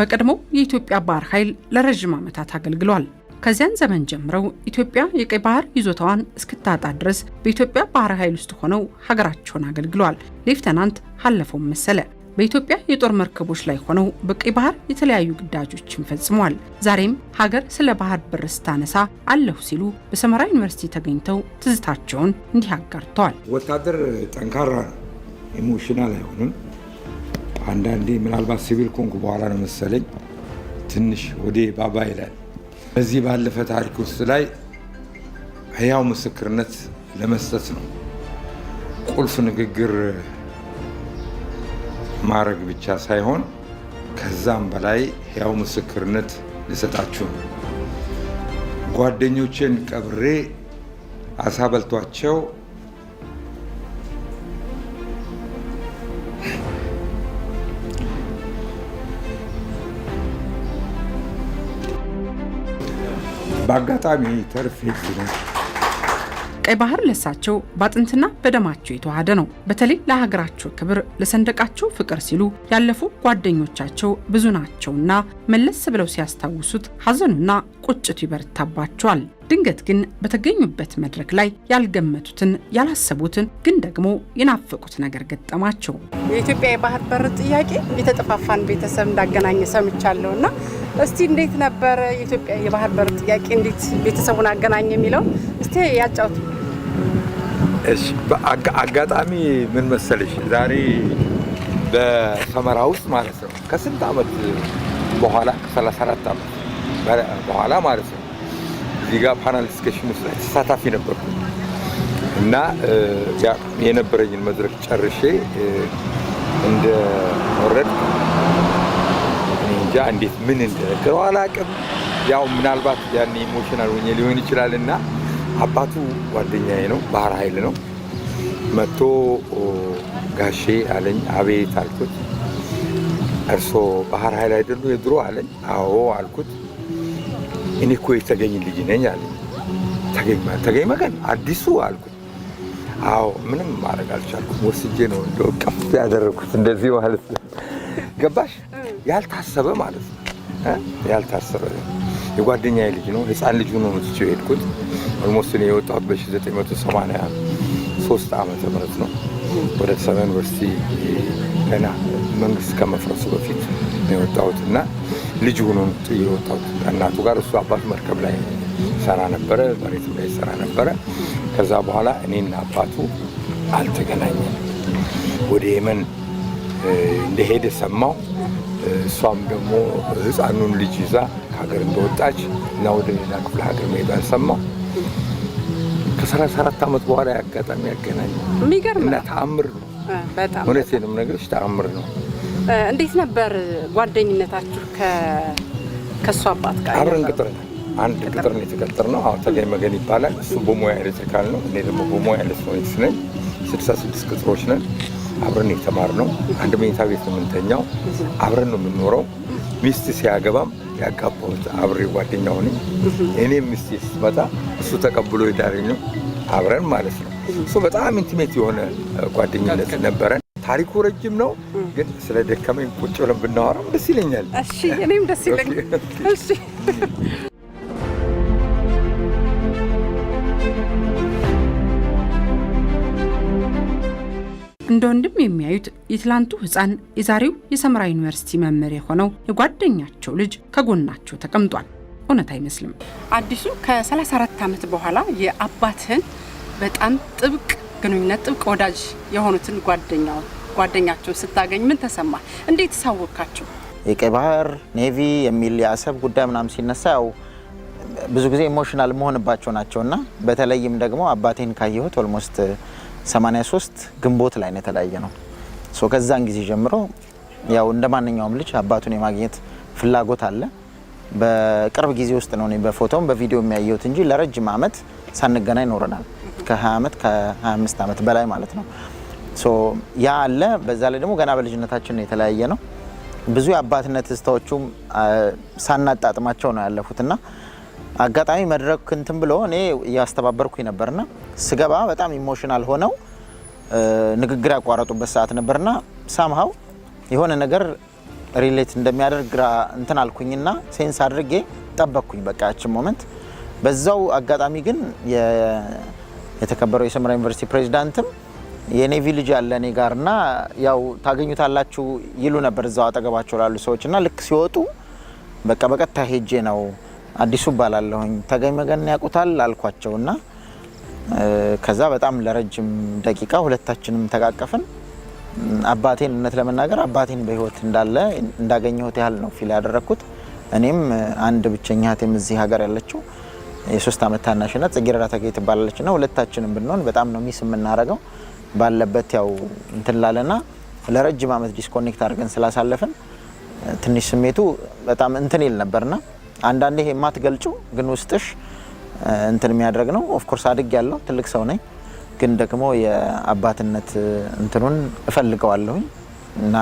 በቀድሞው የኢትዮጵያ ባህር ኃይል ለረዥም ዓመታት አገልግሏል። ከዚያን ዘመን ጀምረው ኢትዮጵያ የቀይ ባህር ይዞታዋን እስክታጣ ድረስ በኢትዮጵያ ባህር ኃይል ውስጥ ሆነው ሀገራቸውን አገልግሏል። ሌፍተናንት ሀለፈውም መሰለ በኢትዮጵያ የጦር መርከቦች ላይ ሆነው በቀይ ባህር የተለያዩ ግዳጆችን ፈጽመዋል። ዛሬም ሀገር ስለ ባህር በር ስታነሳ አለሁ ሲሉ በሰመራ ዩኒቨርሲቲ ተገኝተው ትዝታቸውን እንዲህ አጋርተዋል። ወታደር ጠንካራ ነው፣ ኢሞሽናል አይሆንም አንዳንዴ ምናልባት ሲቪል ኮንኩ በኋላ ነው መሰለኝ ትንሽ ወዴ ባባ ይላል። በዚህ ባለፈ ታሪክ ውስጥ ላይ ህያው ምስክርነት ለመስጠት ነው። ቁልፍ ንግግር ማድረግ ብቻ ሳይሆን ከዛም በላይ ህያው ምስክርነት ልሰጣችሁ ነው። ጓደኞቼን ቀብሬ አሳ በልቷቸው በአጋጣሚ ተርፌ ቀይ ባህር ለሳቸው በአጥንትና በደማቸው የተዋሃደ ነው። በተለይ ለሀገራቸው ክብር፣ ለሰንደቃቸው ፍቅር ሲሉ ያለፉ ጓደኞቻቸው ብዙ ናቸውና መለስ ብለው ሲያስታውሱት ሀዘኑና ቁጭቱ ይበረታባቸዋል። ድንገት ግን በተገኙበት መድረክ ላይ ያልገመቱትን ያላሰቡትን ግን ደግሞ የናፈቁት ነገር ገጠማቸው። የኢትዮጵያ የባህር በር ጥያቄ የተጠፋፋን ቤተሰብ እንዳገናኘ ሰምቻለሁ እና እስቲ እንዴት ነበረ የኢትዮጵያ የባህር በር ጥያቄ እንዴት ቤተሰቡን አገናኘ የሚለው እስቲ ያጫውቱ። አጋጣሚ ምን መሰለሽ፣ ዛሬ በሰመራ ውስጥ ማለት ነው ከስንት ዓመት በኋላ ከ34 ዓመት በኋላ ማለት ነው እዚህ ጋር ፓናል ዲስከሽን ውስጥ ተሳታፊ ነበርኩ እና የነበረኝን መድረክ ጨርሼ እንደ ወረድ እንጃ እንዴት ምን እንደነገረው አላውቅም። ያው ምናልባት ያን ኢሞሽናል ሆኜ ሊሆን ይችላል እና አባቱ ጓደኛዬ ነው፣ ባህር ኃይል ነው። መጥቶ ጋሼ አለኝ። አቤት አልኩት። እርሶ ባህር ኃይል አይደሉ የድሮ አለኝ። አዎ አልኩት። እኔ እኮ የተገኝ ልጅ ነኝ አለ። ተገኝ ተገኝ መገን አዲሱ አልኩት። አዎ ምንም ማድረግ አልቻልኩም። ወስጄ ነው እንደው ቀፍ ያደረግኩት እንደዚህ ማለት ነው። ገባሽ? ያልታሰበ ማለት ነው። ያልታሰበ የጓደኛዬ ልጅ ነው። ህፃን ልጅ ሆኖ ነው ትቼው የሄድኩት። ኦልሞስት እኔ የወጣሁት በ980 ሶስት ዓመተ ምህረት ነው ወደ አዲስ ዩኒቨርሲቲ ገና መንግስት ከመፍረሱ በፊት የወጣሁት እና ልጅ ሆኖ የወጣሁት እናቱ ጋር እሱ አባት መርከብ ላይ ሰራ ነበረ፣ መሬት ላይ ሰራ ነበረ። ከዛ በኋላ እኔና አባቱ አልተገናኘም። ወደ የመን እንደሄደ ሰማው። እሷም ደግሞ ህፃኑን ልጅ ይዛ ከሀገር እንደወጣች እና ወደ ሌላ ክፍለ ሀገር መሄዷን ሰማው። ከሰላሳ አራት ዓመት በኋላ ያጋጣሚ ያገናኝ የሚገርም እና ተአምር ነው። በጣም እውነቴን ነው የምነግርሽ፣ ተአምር ነው። እንዴት ነበር ጓደኝነታችሁ ከእሱ አባት ጋር? አብረን ቅጥር ነው አንድ ቅጥር ነው ነው። አሁን ተገኝ መገን ይባላል። እሱ በሙያ ኤሌክትሪካል ነው፣ እኔ ደግሞ በሙያ ኤሌክትሮኒክስ ነኝ። ስድሳ ስድስት ቅጥሮች ነን። አብረን የተማርነው አንድ መኝታ ቤት ነው የምንተኛው። አብረን ነው የምንኖረው። ሚስት ሲያገባም ያጋባሁት አብሬ ጓደኛው ነኝ። እኔ ሚስቴ ስትመጣ እሱ ተቀብሎ የዳረኝ ነው፣ አብረን ማለት ነው። እሱ በጣም ኢንቲሜት የሆነ ጓደኝነት ነበረን። ታሪኩ ረጅም ነው፣ ግን ስለ ደከመኝ ቁጭ ብለን ብናወራም ደስ ይለኛል። እሺ፣ እኔም ደስ ይለኛል። እሺ እንደ ወንድም የሚያዩት የትላንቱ ህፃን የዛሬው የሰመራ ዩኒቨርሲቲ መምህር የሆነው የጓደኛቸው ልጅ ከጎናቸው ተቀምጧል። እውነት አይመስልም? አዲሱ ከ34 ዓመት በኋላ የአባትህን በጣም ጥብቅ ግንኙነት ጥብቅ ወዳጅ የሆኑትን ጓደኛው ጓደኛቸው ስታገኝ ምን ተሰማ? እንዴት ሳወካቸው? የቀይ ባህር ኔቪ የሚል የአሰብ ጉዳይ ምናምን ሲነሳ ያው ብዙ ጊዜ ኢሞሽናል መሆንባቸው ናቸው እና በተለይም ደግሞ አባቴን ካየሁት ኦልሞስት 83 ግንቦት ላይ ነው የተለያየ ነው። ሶ ከዛን ጊዜ ጀምሮ ያው እንደ ማንኛውም ልጅ አባቱን የማግኘት ፍላጎት አለ። በቅርብ ጊዜ ውስጥ ነው በፎቶም በቪዲዮ የሚያየሁት እንጂ ለረጅም ዓመት ሳንገናኝ ኖረናል። ከ20 ዓመት ከ25 ዓመት በላይ ማለት ነው። ሶ ያ አለ። በዛ ላይ ደግሞ ገና በልጅነታችን የተለያየ ነው። ብዙ የአባትነት ስታዎቹም ሳናጣጥማቸው ነው ያለፉትና አጋጣሚ መድረክ እንትን ብሎ እኔ እያስተባበርኩኝ ነበርና ስገባ በጣም ኢሞሽናል ሆነው ንግግር ያቋረጡበት ሰዓት ነበርና ሳምሃው የሆነ ነገር ሪሌት እንደሚያደርግ እንትን አልኩኝና ሴንስ አድርጌ ጠበቅኩኝ በቃ ያችን ሞመንት። በዛው አጋጣሚ ግን የተከበረው የሰመራ ዩኒቨርሲቲ ፕሬዚዳንትም የኔቪ ልጅ ያለ እኔ ጋርና ያው ታገኙታላችሁ ይሉ ነበር እዛው አጠገባቸው ላሉ እና ልክ ሲወጡ በቃ በቀጥታ ሄጄ ነው አዲሱ እባላለሁኝ ተገኝ መገን ያውቁታል አልኳቸውና ከዛ በጣም ለረጅም ደቂቃ ሁለታችንም ተቃቀፍን። አባቴን እውነት ለመናገር አባቴን በህይወት እንዳለ እንዳገኘሁት ያህል ነው ፊል ያደረግኩት። እኔም አንድ ብቸኛ እህቴም እዚህ ሀገር ያለችው የሶስት ዓመት ታናሽና ጽጌረዳ ተገኝ ትባላለች እና ሁለታችንም ብንሆን በጣም ነው ሚስ የምናረገው ባለበት ያው እንትን ላለና ለረጅም ዓመት ዲስኮኔክት አድርገን ስላሳለፍን ትንሽ ስሜቱ በጣም እንትን ይል ነበርና አንዳንዴ ይሄ የማትገልጩ ግን ውስጥሽ እንትን የሚያደርግ ነው። ኦፍኮርስ አድግ ያለው ትልቅ ሰው ነኝ፣ ግን ደግሞ የአባትነት እንትኑን እፈልገዋለሁኝ እና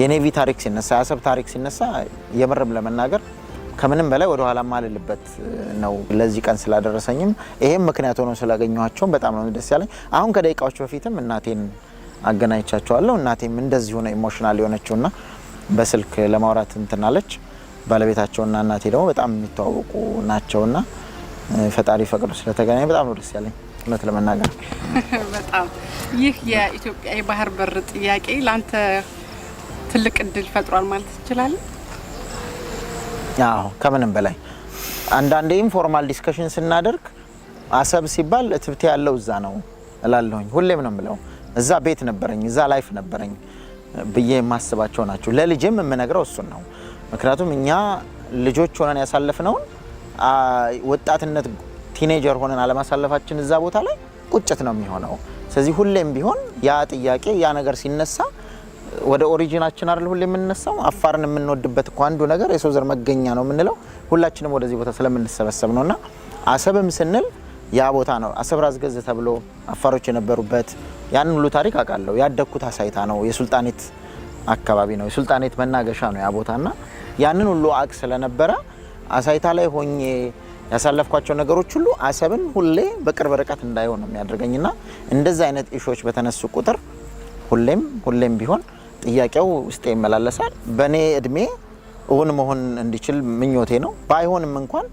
የኔቪ ታሪክ ሲነሳ የአሰብ ታሪክ ሲነሳ የምርም ለመናገር ከምንም በላይ ወደ ኋላ ማልልበት ነው። ለዚህ ቀን ስላደረሰኝም ይሄም ምክንያት ሆኖ ስላገኘኋቸውም በጣም ነው ደስ ያለኝ። አሁን ከደቂቃዎች በፊትም እናቴን አገናኝቻቸዋለሁ። እናቴም እንደዚህ ሆነ ኢሞሽናል የሆነችውና በስልክ ለማውራት እንትናለች ባለቤታቸውና እናቴ ደግሞ በጣም የሚተዋወቁ ናቸውና ፈጣሪ ፈቅዶ ስለተገናኘ በጣም ነው ደስ ያለኝ። እውነት ለመናገር በጣም ይህ የኢትዮጵያ የባህር በር ጥያቄ ለአንተ ትልቅ እድል ፈጥሯል ማለት ትችላለን። አዎ ከምንም በላይ አንዳንዴ ኢንፎርማል ዲስከሽን ስናደርግ አሰብ ሲባል እትብቴ ያለው እዛ ነው እላለሁኝ። ሁሌም ነው የምለው እዛ ቤት ነበረኝ፣ እዛ ላይፍ ነበረኝ ብዬ የማስባቸው ናቸው። ለልጅም የምነግረው እሱን ነው። ምክንያቱም እኛ ልጆች ሆነን ያሳለፍነውን ወጣትነት ቲኔጀር ሆነን አለማሳለፋችን እዛ ቦታ ላይ ቁጭት ነው የሚሆነው። ስለዚህ ሁሌም ቢሆን ያ ጥያቄ ያ ነገር ሲነሳ ወደ ኦሪጂናችን አይደል ሁሌ የምንነሳው። አፋርን የምንወድበት እኮ አንዱ ነገር የሰው ዘር መገኛ ነው የምንለው ሁላችንም ወደዚህ ቦታ ስለምንሰበሰብ ነው። እና አሰብም ስንል ያ ቦታ ነው። አሰብ ራዝገዝ ተብሎ አፋሮች የነበሩበት ያን ሁሉ ታሪክ አውቃለሁ። ያደግኩት አሳይታ ነው። የሱልጣኔት አካባቢ ነው። የሱልጣኔት መናገሻ ነው ያ ቦታና ያንን ሁሉ አቅ ስለነበረ አሳይታ ላይ ሆኜ ያሳለፍኳቸው ነገሮች ሁሉ አሰብን ሁሌ በቅርብ ርቀት እንዳየው ነው የሚያደርገኝና እንደዚህ አይነት ኢሾች በተነሱ ቁጥር ሁሌም ሁሌም ቢሆን ጥያቄው ውስጤ ይመላለሳል። በእኔ እድሜ እውን መሆን እንዲችል ምኞቴ ነው። ባይሆንም እንኳን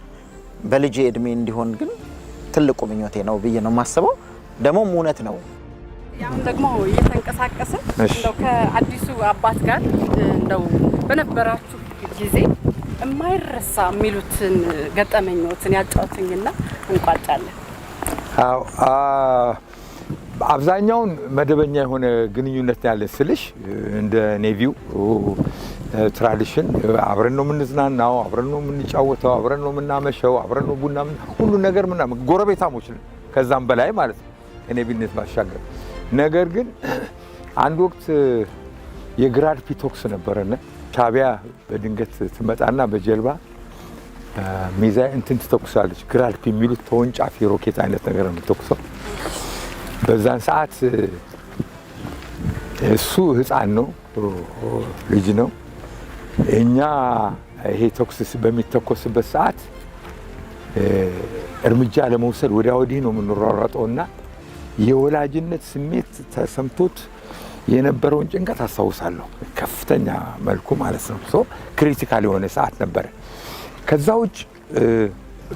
በልጄ እድሜ እንዲሆን ግን ትልቁ ምኞቴ ነው ብዬ ነው የማስበው። ደግሞም እውነት ነው። ያሁን ደግሞ እየተንቀሳቀስን እንደው ከአዲሱ አባት ጋር እንደው በነበራችሁ ጊዜ የማይረሳ የሚሉትን ገጠመኞትን ያጫውትኝና እንቋጫለን። አዎ አብዛኛውን መደበኛ የሆነ ግንኙነት ያለን ስልሽ እንደ ኔቪው ትራዲሽን አብረን ነው የምንዝናናው፣ አብረን ነው የምንጫወተው፣ አብረን ነው የምናመሸው፣ አብረን ነው ቡና ሁሉ ነገር ምናምን ጎረቤታሞች ነን፣ ከዛም በላይ ማለት ነው ከኔቪነት ባሻገር። ነገር ግን አንድ ወቅት የግራድ ፒቶክስ ነበረን ታቢያ በድንገት ትመጣና በጀልባ ሚዛይ እንትን ትተኩሳለች። ግራልፕ የሚሉት ተወንጫፊ ሮኬት አይነት ነገር የምትተኩሰው። በዛን ሰዓት እሱ ህፃን ነው ልጅ ነው። እኛ ይሄ ተኩስ በሚተኮስበት ሰዓት እርምጃ ለመውሰድ ወዲያ ወዲህ ነው የምንሯሯጠውና የወላጅነት ስሜት ተሰምቶት የነበረውን ጭንቀት አስታውሳለሁ። ከፍተኛ መልኩ ማለት ነው። ሶ ክሪቲካል የሆነ ሰዓት ነበረ። ከዛ ውጭ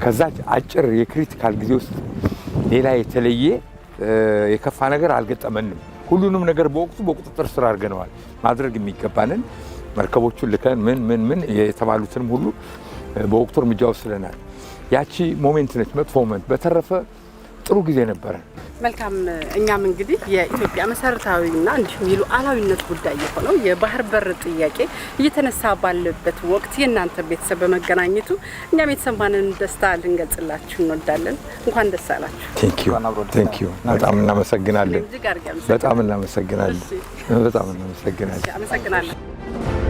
ከዛ አጭር የክሪቲካል ጊዜ ውስጥ ሌላ የተለየ የከፋ ነገር አልገጠመንም። ሁሉንም ነገር በወቅቱ በቁጥጥር ስር አድርገነዋል። ማድረግ የሚገባንን መርከቦቹን ልከን ምን ምን ምን የተባሉትንም ሁሉ በወቅቱ እርምጃ ወስደናል። ያቺ ሞሜንት ነች መጥፎ ሞሜንት። በተረፈ ጥሩ ጊዜ ነበረ። መልካም። እኛም እንግዲህ የኢትዮጵያ መሰረታዊና እንዲሁም የሉዓላዊነት ጉዳይ የሆነው የባህር በር ጥያቄ እየተነሳ ባለበት ወቅት የእናንተ ቤተሰብ በመገናኘቱ እኛም የተሰማንን ደስታ ልንገልጽላችሁ እንወዳለን። እንኳን ደስ አላችሁ። በጣም እናመሰግናለን። በጣም እናመሰግናለን። በጣም እናመሰግናለን።